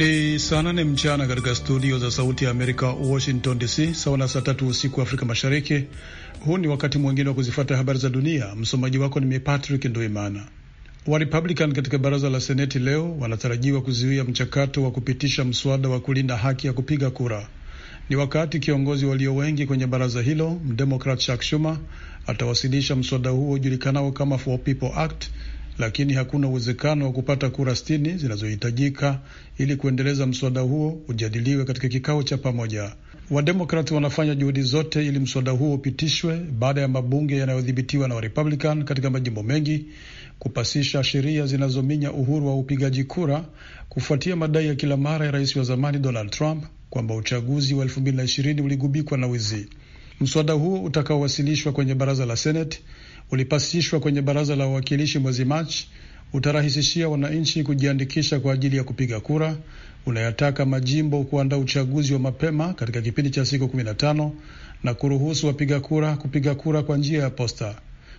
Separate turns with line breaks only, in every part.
Ni saa nane mchana katika studio za Sauti ya Amerika, Washington DC, sawa na saa tatu usiku wa Afrika Mashariki. Huu ni wakati mwingine wa kuzifata habari za dunia. Msomaji wako ni Patrick Nduimana. Wa Republican katika baraza la Seneti leo wanatarajiwa kuzuia mchakato wa kupitisha mswada wa kulinda haki ya kupiga kura. Ni wakati kiongozi walio wengi kwenye baraza hilo mdemokrat Chuck Schumer atawasilisha mswada huo ujulikanao kama For People Act lakini hakuna uwezekano wa kupata kura sitini zinazohitajika ili kuendeleza mswada huo ujadiliwe katika kikao cha pamoja. Wademokrati wanafanya juhudi zote ili mswada huo upitishwe baada ya mabunge yanayodhibitiwa na Warepublican katika majimbo mengi kupasisha sheria zinazominya uhuru wa upigaji kura kufuatia madai ya kila mara ya rais wa zamani Donald Trump kwamba uchaguzi wa 2020 uligubikwa na wizi. Mswada huo utakaowasilishwa kwenye baraza la Seneti ulipasishwa kwenye baraza la wawakilishi mwezi Machi utarahisishia wananchi kujiandikisha kwa ajili ya kupiga kura, unayataka majimbo kuandaa uchaguzi wa mapema katika kipindi cha siku 15 na kuruhusu wapiga kura kupiga kura kwa njia ya posta.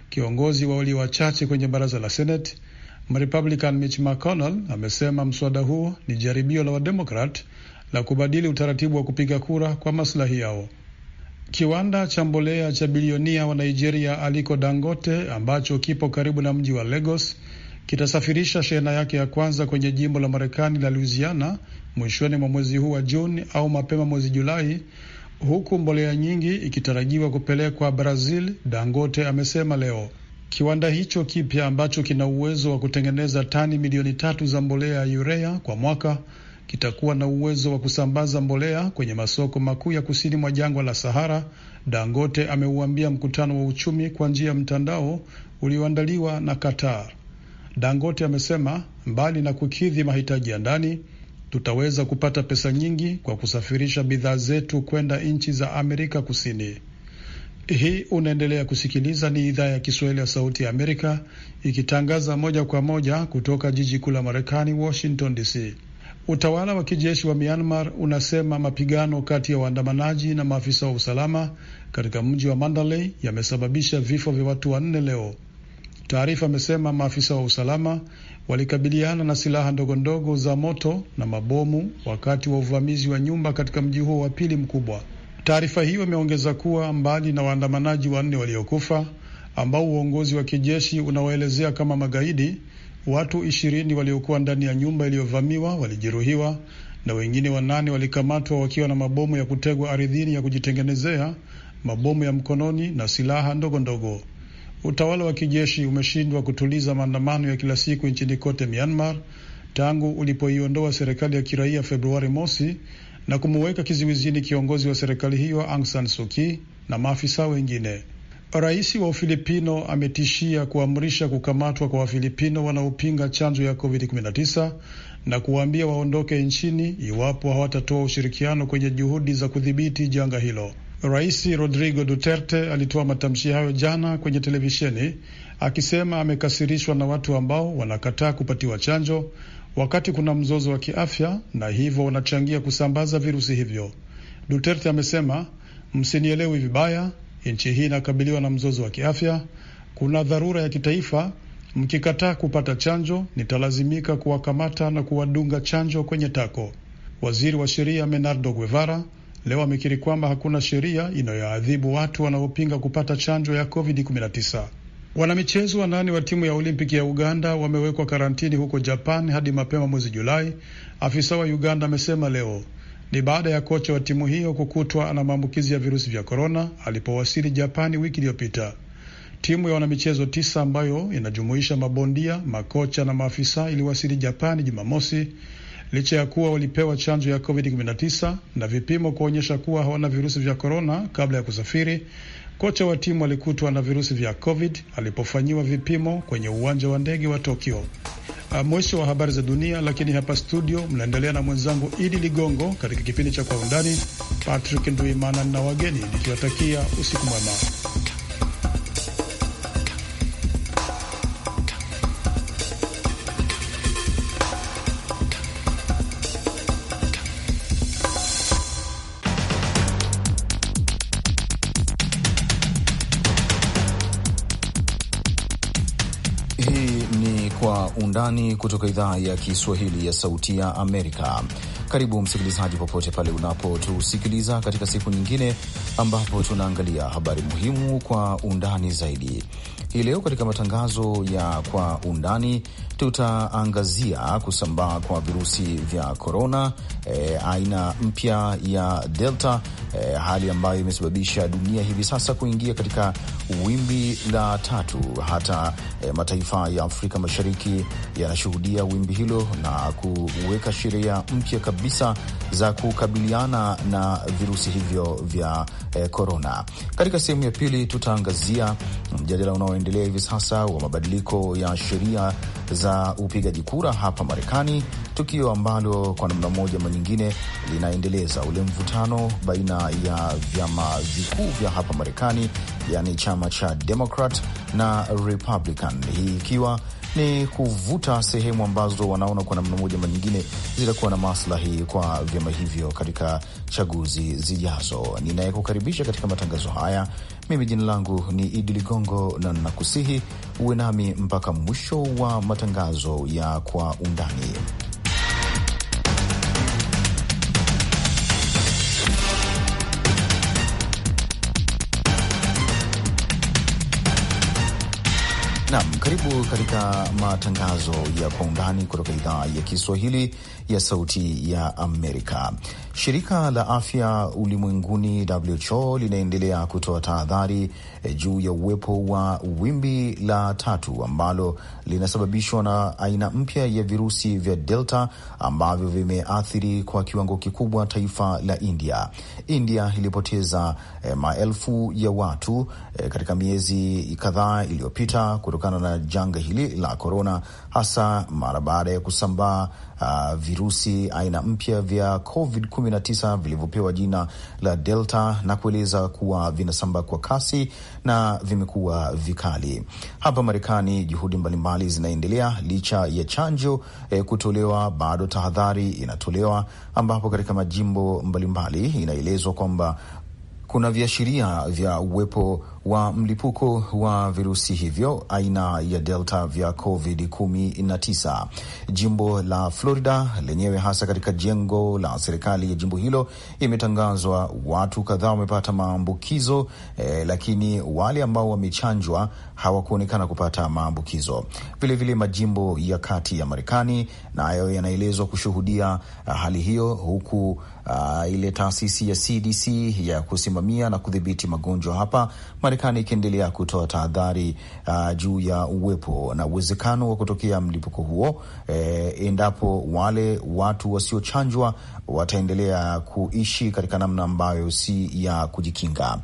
Kiongozi wa walio wachache kwenye baraza la Senate Mrepublican Mitch McConnell amesema mswada huo ni jaribio la Wademokrat la kubadili utaratibu wa kupiga kura kwa maslahi yao. Kiwanda cha mbolea cha bilionia wa Nigeria Aliko Dangote ambacho kipo karibu na mji wa Lagos kitasafirisha shehena yake ya kwanza kwenye jimbo la Marekani la Louisiana mwishoni mwa mwezi huu wa Juni au mapema mwezi Julai, huku mbolea nyingi ikitarajiwa kupelekwa Brazil, Dangote amesema leo. Kiwanda hicho kipya ambacho kina uwezo wa kutengeneza tani milioni tatu za mbolea ya urea kwa mwaka kitakuwa na uwezo wa kusambaza mbolea kwenye masoko makuu ya kusini mwa jangwa la Sahara, Dangote ameuambia mkutano wa uchumi kwa njia ya mtandao ulioandaliwa na Qatar. Dangote amesema mbali na kukidhi mahitaji ya ndani, tutaweza kupata pesa nyingi kwa kusafirisha bidhaa zetu kwenda nchi za Amerika Kusini. Hii unaendelea kusikiliza, ni idhaa ya Kiswahili ya Sauti ya Amerika ikitangaza moja kwa moja kutoka jiji kuu la Marekani, Washington DC. Utawala wa kijeshi wa Myanmar unasema mapigano kati ya waandamanaji na maafisa wa usalama katika mji wa Mandalay yamesababisha vifo vya watu wanne leo. Taarifa amesema maafisa wa usalama walikabiliana na silaha ndogo ndogo za moto na mabomu wakati wa uvamizi wa nyumba katika mji huo wa pili mkubwa. Taarifa hiyo imeongeza kuwa mbali na waandamanaji wanne waliokufa ambao uongozi wa kijeshi unawaelezea kama magaidi, Watu ishirini waliokuwa ndani ya nyumba iliyovamiwa walijeruhiwa na wengine wanane walikamatwa wakiwa na mabomu ya kutegwa ardhini ya kujitengenezea, mabomu ya mkononi na silaha ndogo ndogo. Utawala wa kijeshi umeshindwa kutuliza maandamano ya kila siku nchini kote Myanmar tangu ulipoiondoa serikali ya kiraia Februari mosi na kumuweka kizuizini kiongozi wa serikali hiyo Aung San Suu Kyi na maafisa wengine. Rais wa Ufilipino ametishia kuamrisha kukamatwa kwa Wafilipino wanaopinga chanjo ya COVID-19 na kuwaambia waondoke nchini iwapo hawatatoa ushirikiano kwenye juhudi za kudhibiti janga hilo. Rais Rodrigo Duterte alitoa matamshi hayo jana kwenye televisheni akisema amekasirishwa na watu ambao wanakataa kupatiwa chanjo wakati kuna mzozo wa kiafya na hivyo wanachangia kusambaza virusi hivyo. Duterte amesema, msinielewi vibaya, Nchi hii inakabiliwa na mzozo wa kiafya, kuna dharura ya kitaifa. Mkikataa kupata chanjo, nitalazimika kuwakamata na kuwadunga chanjo kwenye tako. Waziri wa sheria Menardo Guevara leo amekiri kwamba hakuna sheria inayoadhibu watu wanaopinga kupata chanjo ya COVID-19. Wanamichezo wanane wa timu ya Olimpiki ya Uganda wamewekwa karantini huko Japan hadi mapema mwezi Julai, afisa wa Uganda amesema leo. Ni baada ya kocha wa timu hiyo kukutwa na maambukizi ya virusi vya korona alipowasili Japani wiki iliyopita. Timu ya wanamichezo tisa ambayo inajumuisha mabondia, makocha na maafisa iliwasili Japani Jumamosi licha ya kuwa walipewa chanjo ya COVID-19 na vipimo kuonyesha kuwa hawana virusi vya korona kabla ya kusafiri. Kocha wa timu alikutwa na virusi vya COVID alipofanyiwa vipimo kwenye uwanja wa ndege wa Tokyo. Ah, mwisho wa habari za dunia. Lakini hapa studio mnaendelea na mwenzangu Idi Ligongo katika kipindi cha Kwa Undani. Patrick Nduimana na wageni nikiwatakia usiku mwema.
Undani kutoka idhaa ya Kiswahili ya Sauti ya Amerika. Karibu msikilizaji, popote pale unapotusikiliza katika siku nyingine ambapo tunaangalia habari muhimu kwa undani zaidi. Hii leo katika matangazo ya Kwa Undani tutaangazia kusambaa kwa virusi vya korona, e, eh, aina mpya ya Delta eh, hali ambayo imesababisha dunia hivi sasa kuingia katika wimbi la tatu. Hata eh, mataifa ya Afrika Mashariki yanashuhudia wimbi hilo na kuweka sheria mpya kabisa za kukabiliana na virusi hivyo vya korona. Eh, katika sehemu ya pili tutaangazia mjadala unaoendelea hivi sasa wa mabadiliko ya sheria za upigaji kura hapa Marekani tukio ambalo kwa namna moja ama nyingine linaendeleza ule mvutano baina ya vyama vikuu vya hapa Marekani, yaani chama cha Democrat na Republican, hii ikiwa ni kuvuta sehemu ambazo wanaona kwa namna moja ama nyingine zitakuwa na maslahi kwa vyama hivyo katika chaguzi zijazo. Ninayekukaribisha katika matangazo haya mimi, jina langu ni Idi Ligongo, na nakusihi uwe nami mpaka mwisho wa matangazo ya Kwa Undani. Karibu katika matangazo ya kwa undani kutoka idhaa ya Kiswahili ya Sauti ya Amerika. Shirika la Afya Ulimwenguni WHO linaendelea kutoa tahadhari eh, juu ya uwepo wa wimbi la tatu ambalo linasababishwa na aina mpya ya virusi vya Delta ambavyo vimeathiri kwa kiwango kikubwa taifa la India. India ilipoteza eh, maelfu ya watu eh, katika miezi kadhaa iliyopita kutokana na janga hili la korona, hasa mara baada ya kusambaa uh, virusi aina mpya vya COVID-19 vilivyopewa jina la Delta na kueleza kuwa vinasambaa kwa kasi na vimekuwa vikali. Hapa Marekani juhudi mbalimbali zinaendelea licha ya chanjo eh, kutolewa, bado tahadhari inatolewa, ambapo katika majimbo mbalimbali inaelezwa kwamba kuna viashiria vya uwepo wa mlipuko wa virusi hivyo aina ya delta vya covid 19. Jimbo la Florida lenyewe hasa katika jengo la serikali ya jimbo hilo imetangazwa watu kadhaa wamepata maambukizo eh, lakini wale ambao wamechanjwa hawakuonekana kupata maambukizo. Vilevile majimbo ya kati ya Marekani nayo na yanaelezwa kushuhudia uh, hali hiyo huku uh, ile taasisi ya CDC ya kusimamia na kudhibiti magonjwa hapa Marekani ikiendelea kutoa tahadhari uh, juu ya uwepo na uwezekano wa kutokea mlipuko huo eh, endapo wale watu wasiochanjwa wataendelea kuishi katika namna ambayo si ya kujikinga.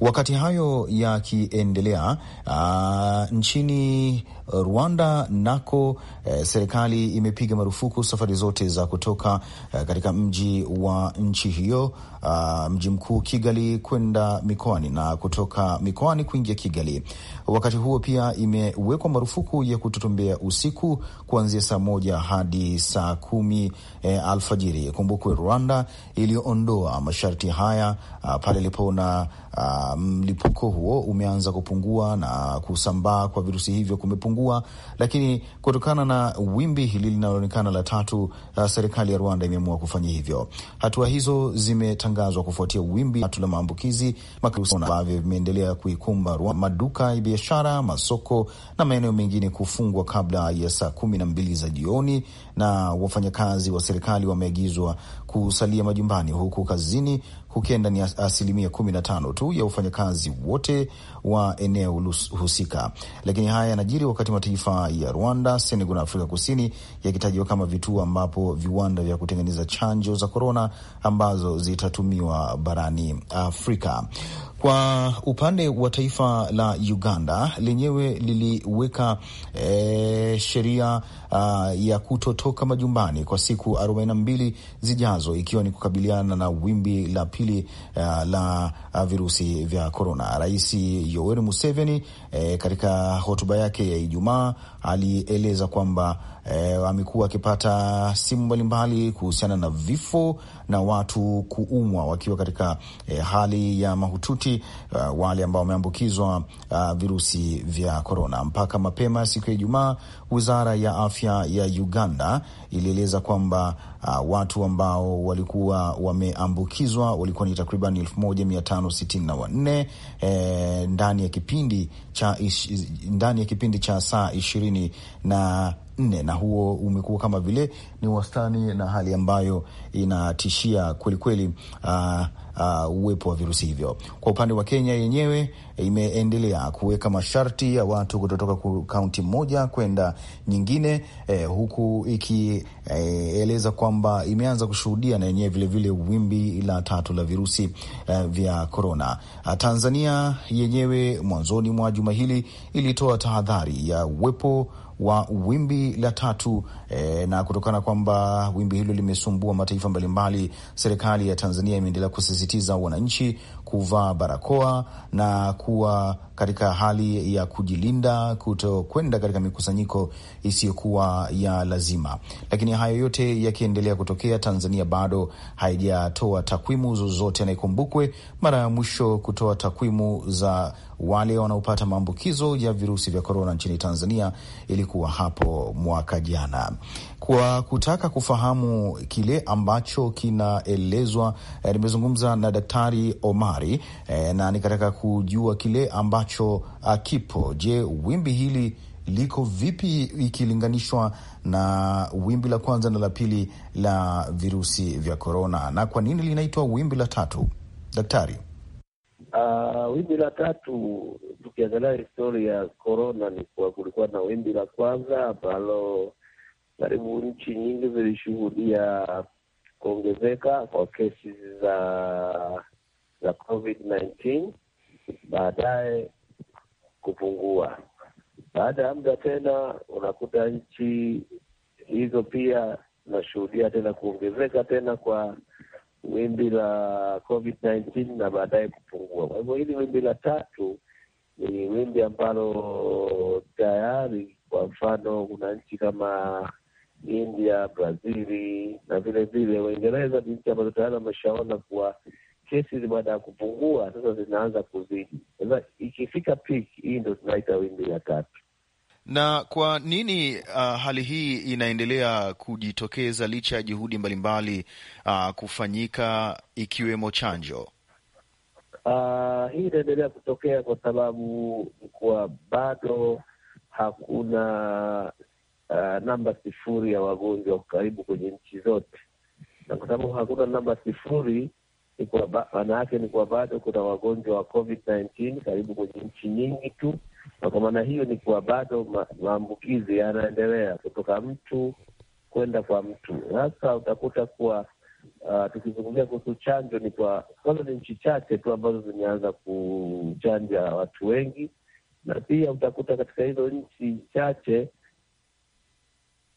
Wakati hayo yakiendelea, uh, nchini Rwanda nako eh, serikali imepiga marufuku safari zote za kutoka eh, katika mji wa nchi hiyo uh, mji mkuu Kigali kwenda mikoani na kutoka mikoani kuingia Kigali. Wakati huo pia imewekwa marufuku ya kutotembea usiku kuanzia saa moja hadi saa kumi eh, alfajiri. Kumbukwe Rwanda iliyoondoa masharti haya uh, pale ilipo na Uh, mlipuko huo umeanza kupungua na kusambaa kwa virusi hivyo kumepungua, lakini kutokana na wimbi hili linaloonekana la tatu, uh, serikali ya Rwanda imeamua kufanya hivyo. Hatua hizo zimetangazwa kufuatia wimbi tatu la maambukizi ambavyo vimeendelea kuikumba Rwanda, maduka ya biashara, masoko na maeneo mengine kufungwa kabla ya saa kumi na mbili za jioni, na wafanyakazi wa serikali wameagizwa kusalia majumbani, huku kazini kukenda ni asilimia kumi na tano tu ya wafanyakazi wote wa eneo husika. Lakini haya yanajiri wakati mataifa ya Rwanda, Senegal na Afrika Kusini yakitajiwa kama vituo ambapo viwanda vya kutengeneza chanjo za korona ambazo zitatumiwa barani Afrika. Kwa upande wa taifa la Uganda lenyewe liliweka e, sheria ah, ya kutotoka majumbani kwa siku mbili zijazo mkazo, ikiwa ni kukabiliana na wimbi la pili uh, la eh, virusi vya korona. Rais Yoweri Museveni eh, katika hotuba yake ya Ijumaa alieleza kwamba e, amekuwa akipata simu mbalimbali kuhusiana na vifo na watu kuumwa wakiwa katika e, hali ya mahututi uh, wale ambao wameambukizwa uh, virusi vya korona. Mpaka mapema siku ya Ijumaa, wizara ya afya ya Uganda ilieleza kwamba uh, watu ambao walikuwa wameambukizwa walikuwa ni takriban elfu moja mia tano sitini na wanne ndani ya kipindi cha ndani ya kipindi cha saa ishirini na nne na huo umekuwa kama vile ni wastani na hali ambayo inatishia kwelikweli uh, uh, uwepo wa virusi hivyo. Kwa upande wa Kenya yenyewe eh, imeendelea kuweka masharti ya watu kutotoka kaunti moja kwenda nyingine, eh, huku ikieleza eh, kwamba imeanza kushuhudia na yenyewe vilevile wimbi la tatu la virusi eh, vya korona. Ah, Tanzania yenyewe mwanzoni mwa juma hili ilitoa tahadhari ya uwepo wa wimbi la tatu e, na kutokana kwamba wimbi hilo limesumbua mataifa mbalimbali, serikali ya Tanzania imeendelea kusisitiza wananchi kuvaa barakoa na kuwa katika hali ya kujilinda kutokwenda katika mikusanyiko isiyokuwa ya lazima. Lakini hayo yote yakiendelea kutokea, Tanzania bado haijatoa takwimu zozote, na ikumbukwe mara ya mwisho kutoa takwimu za wale wanaopata maambukizo ya virusi vya korona nchini Tanzania ilikuwa hapo mwaka jana kwa kutaka kufahamu kile ambacho kinaelezwa. Eh, nimezungumza na Daktari Omari e, na nikataka kujua kile ambacho ah, kipo. Je, wimbi hili liko vipi ikilinganishwa na wimbi la kwanza na la pili la virusi vya korona, na kwa nini linaitwa wimbi la tatu, daktari?
Uh, wimbi la tatu, tukiangalia historia ya korona, ni kuwa kulikuwa na wimbi la kwanza ambalo karibu nchi nyingi zilishuhudia kuongezeka kwa kesi za za COVID-19, baadaye kupungua. Baada ya muda tena unakuta nchi hizo pia zinashuhudia tena kuongezeka tena kwa wimbi la COVID-19 na baadaye kupungua. Kwa hivyo hili wimbi la tatu ni wimbi ambalo tayari, kwa mfano, kuna nchi kama India, Brazili na vilevile ni nchi ambazo tayari wameshaona kuwa kesi baada ya kupungua sasa zinaanza kuzidi. Sasa ikifika peak hii ndo tunaita wimbi la tatu.
Na kwa nini uh, hali hii inaendelea kujitokeza licha ya juhudi mbalimbali uh, kufanyika ikiwemo chanjo?
Uh, hii inaendelea kutokea kwa sababu kuwa bado hakuna uh, namba sifuri ya wagonjwa karibu kwenye nchi zote, na kwa sababu hakuna namba sifuri maana yake ni kuwa bado kuna wagonjwa wa COVID-19 karibu kwenye nchi nyingi tu, na kwa maana hiyo ni kuwa bado ma, maambukizi yanaendelea kutoka mtu kwenda kwa mtu. Sasa utakuta kuwa uh, tukizungumzia kuhusu chanjo ni kwa kwanza, ni nchi chache tu ambazo zimeanza kuchanja watu wengi, na pia utakuta katika hizo nchi chache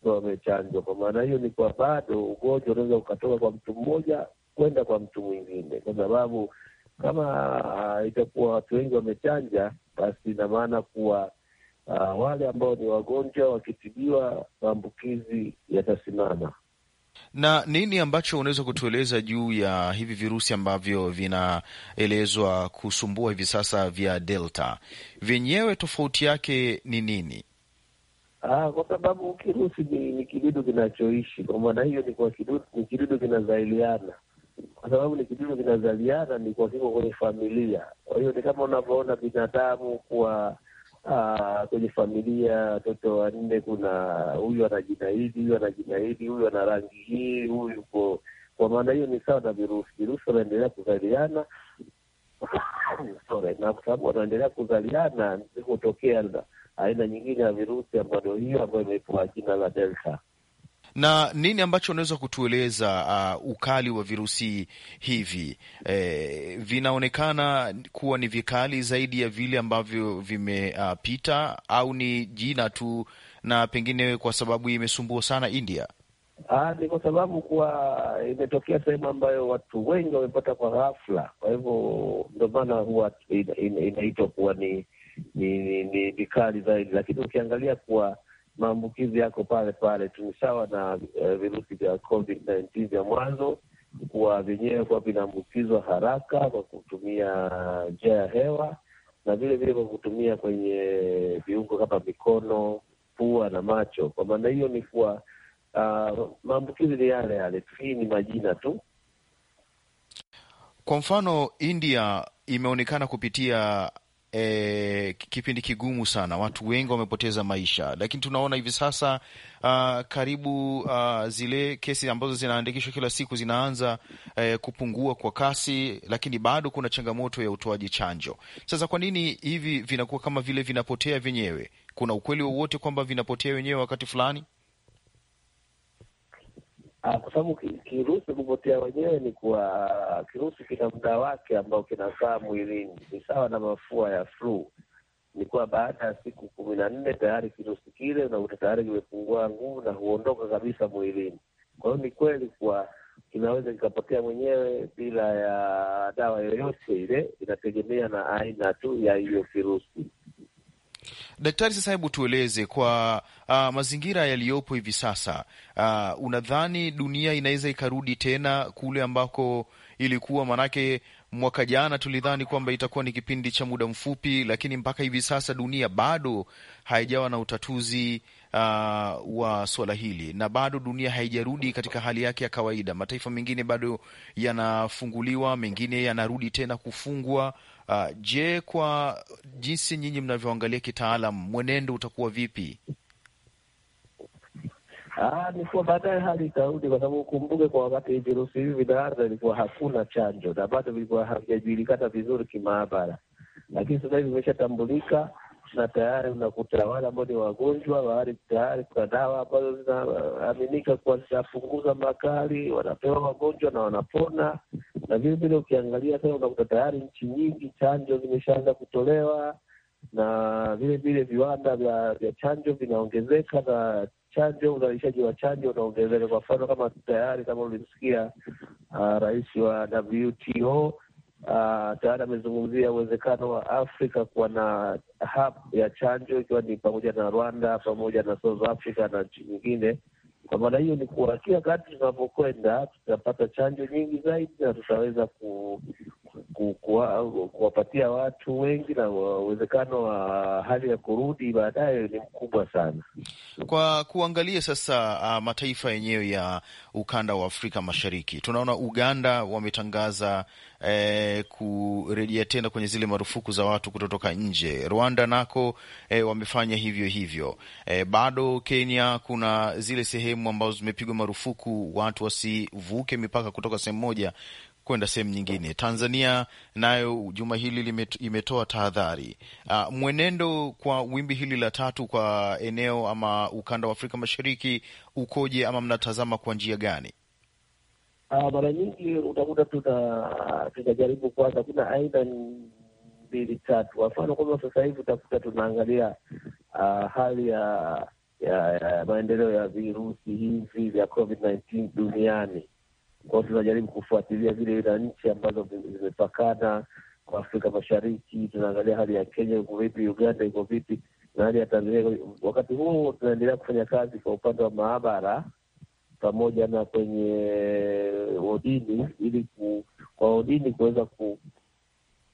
ndio wamechanjwa. Kwa maana hiyo ni kwa bado ugonjwa unaweza ukatoka kwa mtu mmoja kwenda kwa mtu mwingine, kwa sababu kama uh, itakuwa watu wengi wamechanja, basi ina maana kuwa uh, wale ambao ni wagonjwa wakitibiwa, maambukizi yatasimama.
Na nini ambacho unaweza kutueleza juu ya hivi virusi ambavyo vinaelezwa kusumbua hivi sasa vya Delta, vyenyewe tofauti yake ni nini?
Aa, ah, kwa sababu kirusi ni, ni kidudu kinachoishi. Kwa maana hiyo ni kwa kidudu, ni kidudu kinazaliana kwa sababu ni kidudu kinazaliana, ni kwa kiko kwenye familia. Kwa hiyo ni kama unavyoona binadamu kwa ah, kwenye familia watoto wanne, kuna huyu ana jina hili, huyu ana jina hili, huyu ana rangi hii, huyu yuko. Kwa maana hiyo ni sawa na virusi, virusi wanaendelea kuzaliana na kwa sababu wanaendelea kuzaliana hutokea aina nyingine ya virusi ambayo hiyo ambayo imepewa jina la Delta.
Na nini ambacho unaweza kutueleza uh, ukali wa virusi hivi eh, vinaonekana kuwa ni vikali zaidi ya vile ambavyo vimepita, uh, au ni jina tu, na pengine kwa sababu imesumbua sana India?
Ah, ni kwa sababu kuwa imetokea sehemu ambayo watu wengi wamepata kwa ghafla, kwa hivyo ndio maana huwa inaitwa kuwa ni ni, ni, ni vikali zaidi, lakini ukiangalia kuwa maambukizi yako pale pale tu, sawa na uh, virusi vya COVID-19 vya mwanzo, kuwa vyenyewe kuwa vinaambukizwa haraka kwa kutumia njia ya hewa na vile vile kwa kutumia kwenye viungo kama mikono, pua na macho. Kwa maana hiyo ni kuwa uh, ah, maambukizi ni yale yale, hii ni majina tu.
Kwa mfano India imeonekana kupitia e, kipindi kigumu sana, watu wengi wamepoteza maisha, lakini tunaona hivi sasa uh, karibu uh, zile kesi ambazo zinaandikishwa kila siku zinaanza e, kupungua kwa kasi, lakini bado kuna changamoto ya utoaji chanjo. Sasa kwa nini hivi vinakuwa kama vile vinapotea vyenyewe? Kuna ukweli wowote kwamba vinapotea wenyewe wakati fulani?
Ah, kwa sababu kirusi kupotea wenyewe ni kuwa kirusi kina muda wake ambao kinakaa mwilini, ni sawa na mafua ya flu. Ni kuwa baada ya siku kumi na nne tayari kirusi kile unakuta tayari kimepungua nguvu na huondoka kabisa mwilini. Kwa hiyo ni kweli kuwa kinaweza kikapotea mwenyewe bila ya dawa yoyote ile, inategemea na aina tu ya hiyo kirusi.
Daktari, sasa hebu tueleze kwa uh, mazingira yaliyopo hivi sasa uh, unadhani dunia inaweza ikarudi tena kule ambako ilikuwa? Maanake mwaka jana tulidhani kwamba itakuwa ni kipindi cha muda mfupi, lakini mpaka hivi sasa dunia bado haijawa na utatuzi uh, wa suala hili na bado dunia haijarudi katika hali yake ya kawaida. Mataifa mengine bado yanafunguliwa, mengine yanarudi tena kufungwa. Uh, je, kwa jinsi nyinyi mnavyoangalia kitaalam, mwenendo utakuwa vipi?
Ah, ni kuwa baadaye hali itarudi, kwa sababu ukumbuke, kwa wakati virusi hivi vinaanza ilikuwa hakuna chanjo na bado vilikuwa havijajulikana vizuri kimaabara, lakini sasa hivi vimeshatambulika na tayari unakuta wale ambao ni wagonjwa wahali, tayari kuna dawa ambazo zinaaminika kuwa zinapunguza makali, wanapewa wagonjwa na wanapona. Na vile vile ukiangalia sasa, unakuta tayari nchi nyingi chanjo zimeshaanza kutolewa, na vile vile viwanda vya, vya chanjo vinaongezeka na chanjo uzalishaji wa chanjo unaongezeka. Kwa mfano kama tayari kama ulimsikia uh, rais wa WTO Ah, tayari amezungumzia uwezekano wa Afrika kuwa na hub ya chanjo ikiwa ni pamoja na Rwanda pamoja na South Africa na nchi nyingine. Kwa maana hiyo ni kuwa kila kati tunavyokwenda tutapata chanjo nyingi zaidi na tutaweza ku, kuwapatia watu wengi na uwezekano wa hali ya kurudi baadaye ni mkubwa sana. Kwa
kuangalia sasa uh, mataifa yenyewe ya ukanda wa Afrika Mashariki, tunaona Uganda wametangaza eh, kurejea tena kwenye zile marufuku za watu kutotoka nje. Rwanda nako eh, wamefanya hivyo hivyo. Eh, bado Kenya kuna zile sehemu ambazo zimepigwa marufuku watu wasivuke mipaka kutoka sehemu moja kwenda sehemu nyingine. Tanzania nayo juma hili imetoa tahadhari. Uh, mwenendo kwa wimbi hili la tatu kwa eneo ama ukanda wa Afrika Mashariki ukoje, ama mnatazama kwa njia gani?
Ah, mara nyingi utakuta tunajaribu kwanza, kuna aina mbili tatu. Kwa mfano kwamba sasa hivi utakuta tunaangalia uh, hali ya, ya, ya maendeleo ya virusi hivi vya COVID-19 duniani kwao. Tunajaribu kufuatilia zile ila nchi ambazo zimepakana kwa Afrika Mashariki, tunaangalia hali ya Kenya iko vipi, Uganda iko vipi na hali ya Tanzania. Wakati huu tunaendelea kufanya kazi kwa upande wa maabara pamoja na kwenye odini ili ku, kwa odini kuweza ku,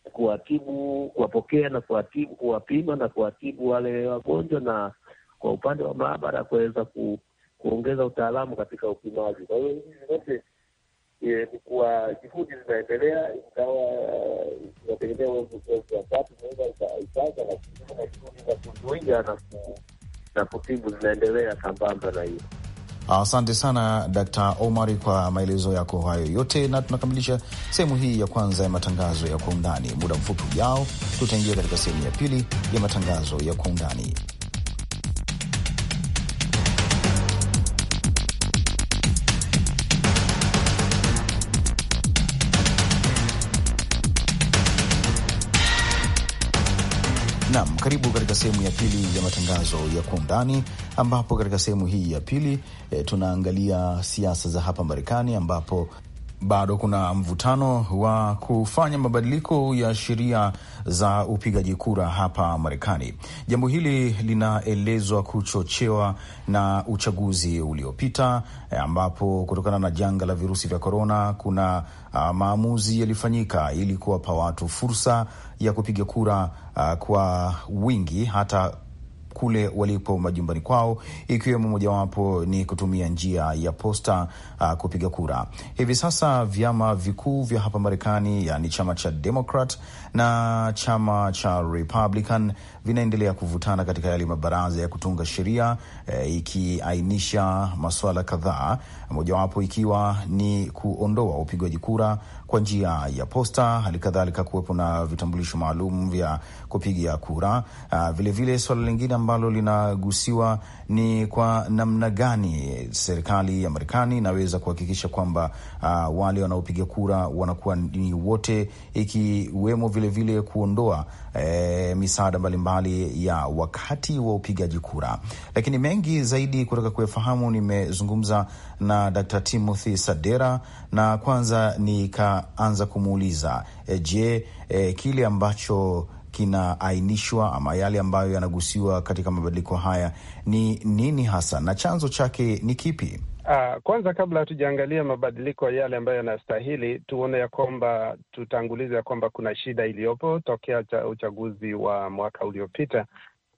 kuwatibu kuwapokea na kuwatibu kuwapima na kuwatibu wale wagonjwa, na kwa upande wa maabara kuweza ku, kuongeza utaalamu katika upimaji. Kwa hiyo hizi zote Eh, ni kuwa juhudi zinaendelea, ingawa eh, inategemea uongozi wa tatu naweza ukaanza, lakini juhudi za kuzuia na na kutibu zinaendelea sambamba na hiyo.
Asante sana Dakta Omari kwa maelezo yako hayo yote, na tunakamilisha sehemu hii ya kwanza ya matangazo ya kwa undani. Muda mfupi ujao, tutaingia katika sehemu ya pili ya matangazo ya kwa undani. Nam, karibu katika sehemu ya pili ya matangazo ya kwa undani, ambapo katika sehemu hii ya pili e, tunaangalia siasa za hapa Marekani ambapo bado kuna mvutano wa kufanya mabadiliko ya sheria za upigaji kura hapa Marekani. Jambo hili linaelezwa kuchochewa na uchaguzi uliopita ambapo kutokana na janga la virusi vya korona, kuna uh, maamuzi yalifanyika ili kuwapa watu fursa ya kupiga kura uh, kwa wingi hata kule walipo majumbani kwao, ikiwemo mojawapo ni kutumia njia ya posta uh, kupiga kura. Hivi sasa vyama vikuu vya hapa Marekani, yani chama cha Democrat na chama cha Republican vinaendelea kuvutana katika yale mabaraza ya kutunga sheria eh, ikiainisha masuala kadhaa, mojawapo ikiwa ni kuondoa upigwaji kura kwa njia ya posta, hali kadhalika kuwepo na vitambulisho maalum vya kupiga kura. Ah, vilevile suala lingine ambalo linagusiwa ni kwa namna gani serikali ya Marekani inaweza kuhakikisha kwamba uh, wale wanaopiga kura wanakuwa ni wote, ikiwemo vilevile kuondoa eh, misaada mbalimbali ya wakati wa upigaji kura. Lakini mengi zaidi kutoka kuyafahamu, nimezungumza na Dkt. Timothy Sadera, na kwanza nikaanza kumuuliza e, je, e, kile ambacho kinaainishwa ama yale ambayo yanagusiwa katika mabadiliko haya ni nini hasa na chanzo chake ni kipi?
Uh, kwanza kabla hatujaangalia mabadiliko yale ambayo yanastahili, tuone ya kwamba tutangulize ya kwamba kuna shida iliyopo tokea cha uchaguzi wa mwaka uliopita,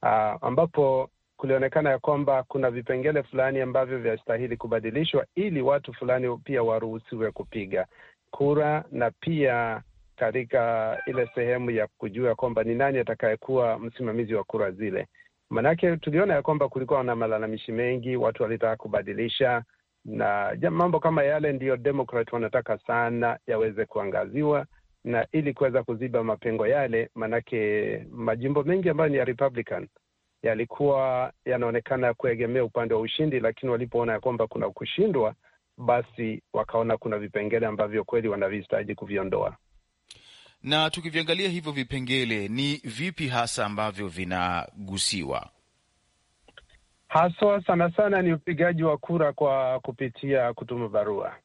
uh, ambapo kulionekana ya kwamba kuna vipengele fulani ambavyo vyastahili kubadilishwa ili watu fulani pia waruhusiwe kupiga kura na pia katika ile sehemu ya kujua kwamba ni nani atakayekuwa msimamizi wa kura zile. manake tuliona ya kwamba kulikuwa na malalamishi mengi, watu walitaka kubadilisha na mambo kama yale, ndiyo Demokrat wanataka sana yaweze kuangaziwa na ili kuweza kuziba mapengo yale, manake majimbo mengi ambayo ni ya Republican yalikuwa yanaonekana kuegemea upande wa ushindi, lakini walipoona ya kwamba kuna kushindwa, basi wakaona kuna vipengele ambavyo kweli wanavihitaji kuviondoa
na tukiviangalia hivyo vipengele ni vipi hasa ambavyo vinagusiwa?
Haswa sana sana ni upigaji wa kura kwa kupitia kutuma barua,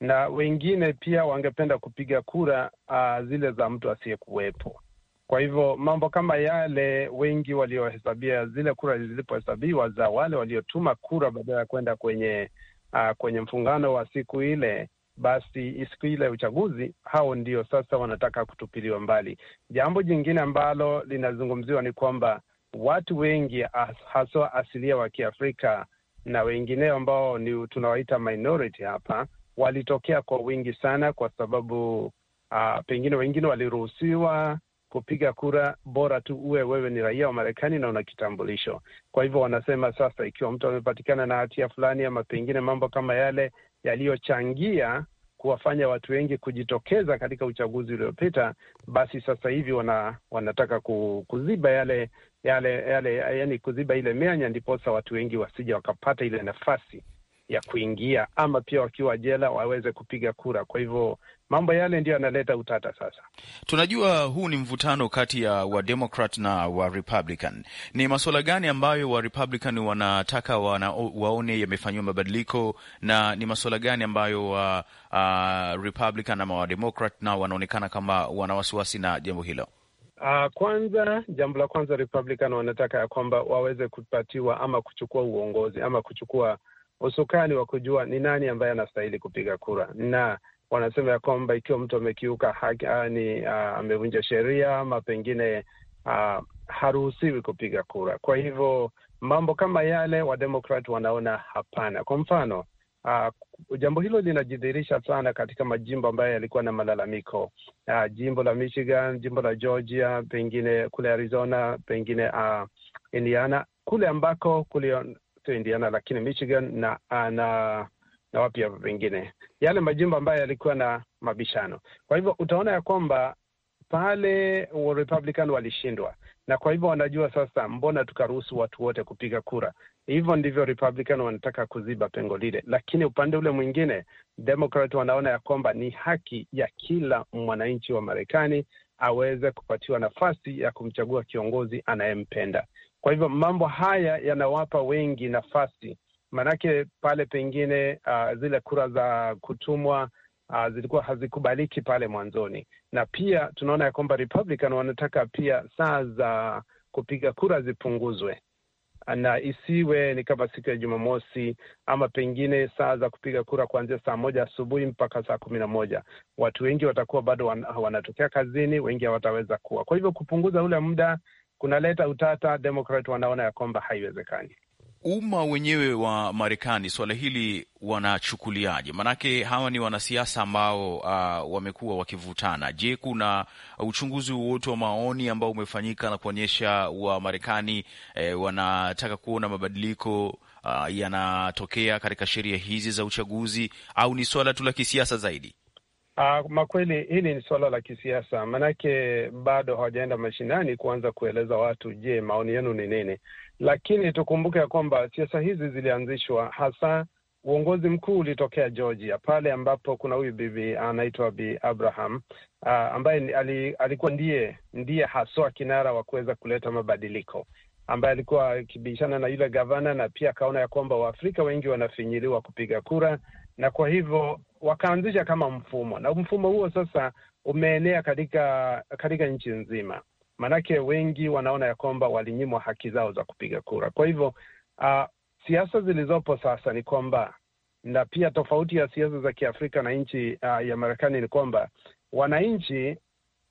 na wengine pia wangependa kupiga kura uh, zile za mtu asiyekuwepo. Kwa hivyo mambo kama yale, wengi waliohesabia zile kura zilipohesabiwa za wale waliotuma kura badala ya kwenda kwenye uh, kwenye mfungano wa siku ile basi siku ile ya uchaguzi, hao ndio sasa wanataka kutupiliwa mbali. Jambo jingine ambalo linazungumziwa ni kwamba watu wengi haswa asilia wa Kiafrika na wengineo ambao ni tunawaita minority hapa walitokea kwa wingi sana, kwa sababu uh, pengine wengine waliruhusiwa kupiga kura, bora tu uwe wewe ni raia wa Marekani na una kitambulisho. Kwa hivyo wanasema sasa, ikiwa mtu amepatikana na hatia fulani ama pengine mambo kama yale yaliyochangia kuwafanya watu wengi kujitokeza katika uchaguzi uliopita, basi sasa hivi wana, wanataka kuziba yale yale yale, yani kuziba ile mianya, ndiposa watu wengi wasija wakapata ile nafasi ya kuingia, ama pia wakiwa jela waweze kupiga kura. Kwa hivyo Mambo yale ndiyo yanaleta utata sasa.
Tunajua huu ni mvutano kati ya Wademokrat na Warepublican. Ni masuala gani ambayo Warepublican wanataka wana, waone yamefanyiwa mabadiliko na ni masuala gani ambayo wa, uh, Republican ama Wademokrat nao wanaonekana kama wana wasiwasi na jambo hilo?
Uh, kwanza jambo la kwanza Republican wanataka ya kwamba waweze kupatiwa ama kuchukua uongozi ama kuchukua usukani wa kujua ni nani ambaye anastahili kupiga kura na wanasema ya kwamba ikiwa mtu amekiuka haki, uh, amevunja sheria ama pengine uh, haruhusiwi kupiga kura. Kwa hivyo mambo kama yale wademokrat wanaona hapana. Kwa mfano uh, jambo hilo linajidhihirisha sana katika majimbo ambayo yalikuwa na malalamiko uh, jimbo la Michigan, jimbo la Georgia, pengine kule Arizona, pengine uh, Indiana, kule ambako kule Indiana lakini Michigan na, na na wapya pengine yale majimbo ambayo yalikuwa na mabishano. Kwa hivyo utaona ya kwamba pale wa Republican walishindwa, na kwa hivyo wanajua sasa, mbona tukaruhusu watu wote kupiga kura? Hivyo ndivyo Republican wanataka kuziba pengo lile, lakini upande ule mwingine Democrat wanaona ya kwamba ni haki ya kila mwananchi wa Marekani aweze kupatiwa nafasi ya kumchagua kiongozi anayempenda. Kwa hivyo mambo haya yanawapa wengi nafasi maanake pale pengine uh, zile kura za kutumwa uh, zilikuwa hazikubaliki pale mwanzoni, na pia tunaona ya kwamba Republican wanataka pia saa za kupiga kura zipunguzwe na isiwe ni kama siku ya Jumamosi ama pengine saa za kupiga kura kuanzia saa moja asubuhi mpaka saa kumi na moja. Watu wengi watakuwa bado wanatokea kazini, wengi hawataweza kuwa. Kwa hivyo kupunguza ule muda kunaleta utata. Demokrat wanaona ya kwamba haiwezekani
umma wenyewe wa Marekani swala hili wanachukuliaje? Maanake hawa ni wanasiasa ambao uh, wamekuwa wakivutana. Je, kuna uchunguzi wowote wa maoni ambao umefanyika na kuonyesha Wamarekani eh, wanataka kuona mabadiliko uh, yanatokea katika sheria hizi za uchaguzi au ni swala tu la kisiasa zaidi?
Uh, ah,
makweli hili ni suala la kisiasa, maanake bado hawajaenda mashinani kuanza kueleza watu, je, maoni yenu ni nini? lakini tukumbuke ya kwamba siasa hizi zilianzishwa hasa, uongozi mkuu ulitokea Georgia pale ambapo kuna huyu bibi anaitwa Bi Abraham uh, ambaye alikuwa ndiye ndiye haswa kinara wa kuweza kuleta mabadiliko ambaye alikuwa akibishana na yule gavana na pia akaona ya kwamba Waafrika wengi wanafinyiliwa kupiga kura, na kwa hivyo wakaanzisha kama mfumo, na mfumo huo sasa umeenea katika katika nchi nzima maanake wengi wanaona ya kwamba walinyimwa haki zao za kupiga kura. Kwa hivyo uh, siasa zilizopo sasa ni kwamba, na pia tofauti ya siasa za Kiafrika na nchi uh, ya Marekani ni kwamba wananchi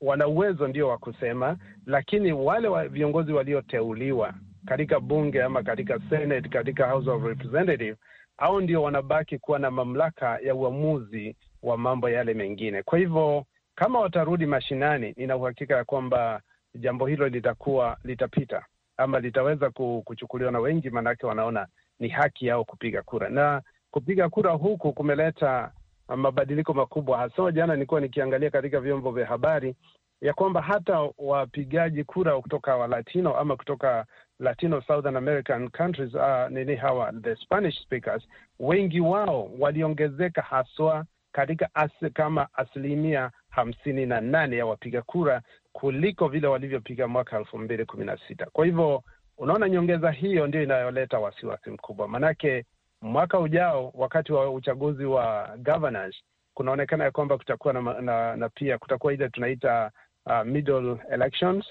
wana uwezo ndio wa kusema, lakini wale wa viongozi walioteuliwa katika bunge ama katika Senate, katika House of Representative, au ndio wanabaki kuwa na mamlaka ya uamuzi wa mambo yale mengine. Kwa hivyo kama watarudi mashinani, nina uhakika ya kwamba jambo hilo litakuwa litapita ama litaweza kuchukuliwa na wengi, maanake wanaona ni haki yao kupiga kura, na kupiga kura huku kumeleta mabadiliko makubwa. Haswa jana nilikuwa nikiangalia katika vyombo vya habari ya kwamba hata wapigaji kura kutoka Walatino ama kutoka Latino Southern American countries, uh, nini hawa the Spanish speakers, wengi wao waliongezeka haswa katika as, kama asilimia hamsini na nane ya wapiga kura kuliko vile walivyopiga mwaka elfu mbili kumi na sita. Kwa hivyo unaona, nyongeza hiyo ndio inayoleta wasiwasi mkubwa, manake mwaka ujao wakati wa uchaguzi wa governors kunaonekana ya kwamba kutakuwa na, na, na pia kutakuwa ile tunaita uh, middle elections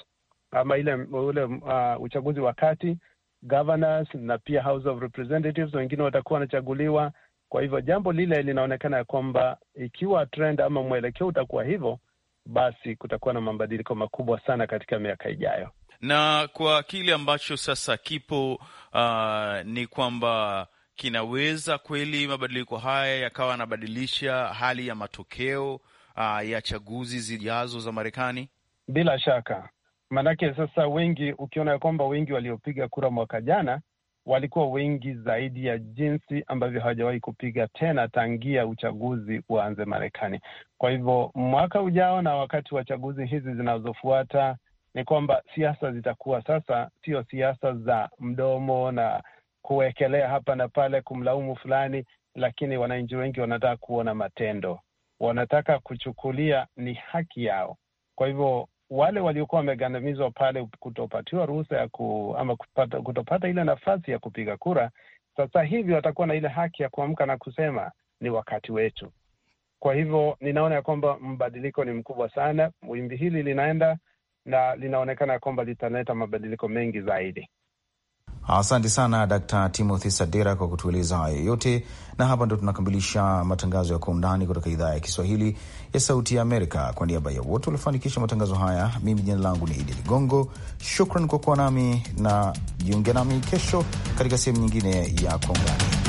ama ile ule uh, uchaguzi wa kati governors na pia House of Representatives, wengine watakuwa wanachaguliwa kwa hivyo jambo lile linaonekana ya kwamba ikiwa trend ama mwelekeo utakuwa hivyo, basi kutakuwa na mabadiliko makubwa sana katika miaka ijayo.
Na kwa kile ambacho sasa kipo uh, ni kwamba kinaweza kweli mabadiliko haya yakawa yanabadilisha hali ya matokeo uh, ya chaguzi zijazo za Marekani.
Bila shaka, maanake sasa wengi, ukiona ya kwamba wengi waliopiga kura mwaka jana walikuwa wengi zaidi ya jinsi ambavyo hawajawahi kupiga tena tangia uchaguzi uanze Marekani. Kwa hivyo mwaka ujao na wakati wa chaguzi hizi zinazofuata ni kwamba siasa zitakuwa sasa sio siasa za mdomo na kuwekelea hapa na pale, kumlaumu fulani, lakini wananchi wengi wanataka kuona matendo, wanataka kuchukulia ni haki yao. Kwa hivyo wale waliokuwa wamegandamizwa pale kutopatiwa ruhusa ya ku, ama kupata, kutopata ile nafasi ya kupiga kura, sasa hivi watakuwa na ile haki ya kuamka na kusema ni wakati wetu. Kwa hivyo ninaona ya kwamba mbadiliko ni mkubwa sana. Wimbi hili linaenda na linaonekana ya kwamba litaleta mabadiliko mengi zaidi.
Asante sana Dkt Timothy Sadera kwa kutueleza hayo yote, na hapa ndo tunakamilisha matangazo ya Kwa Undani kutoka idhaa ya Kiswahili ya Sauti ya Amerika. Kwa niaba ya wote waliofanikisha matangazo haya, mimi jina langu ni Idi Ligongo. Shukran kwa kuwa nami na jiunge nami kesho katika sehemu nyingine ya Kwa Undani.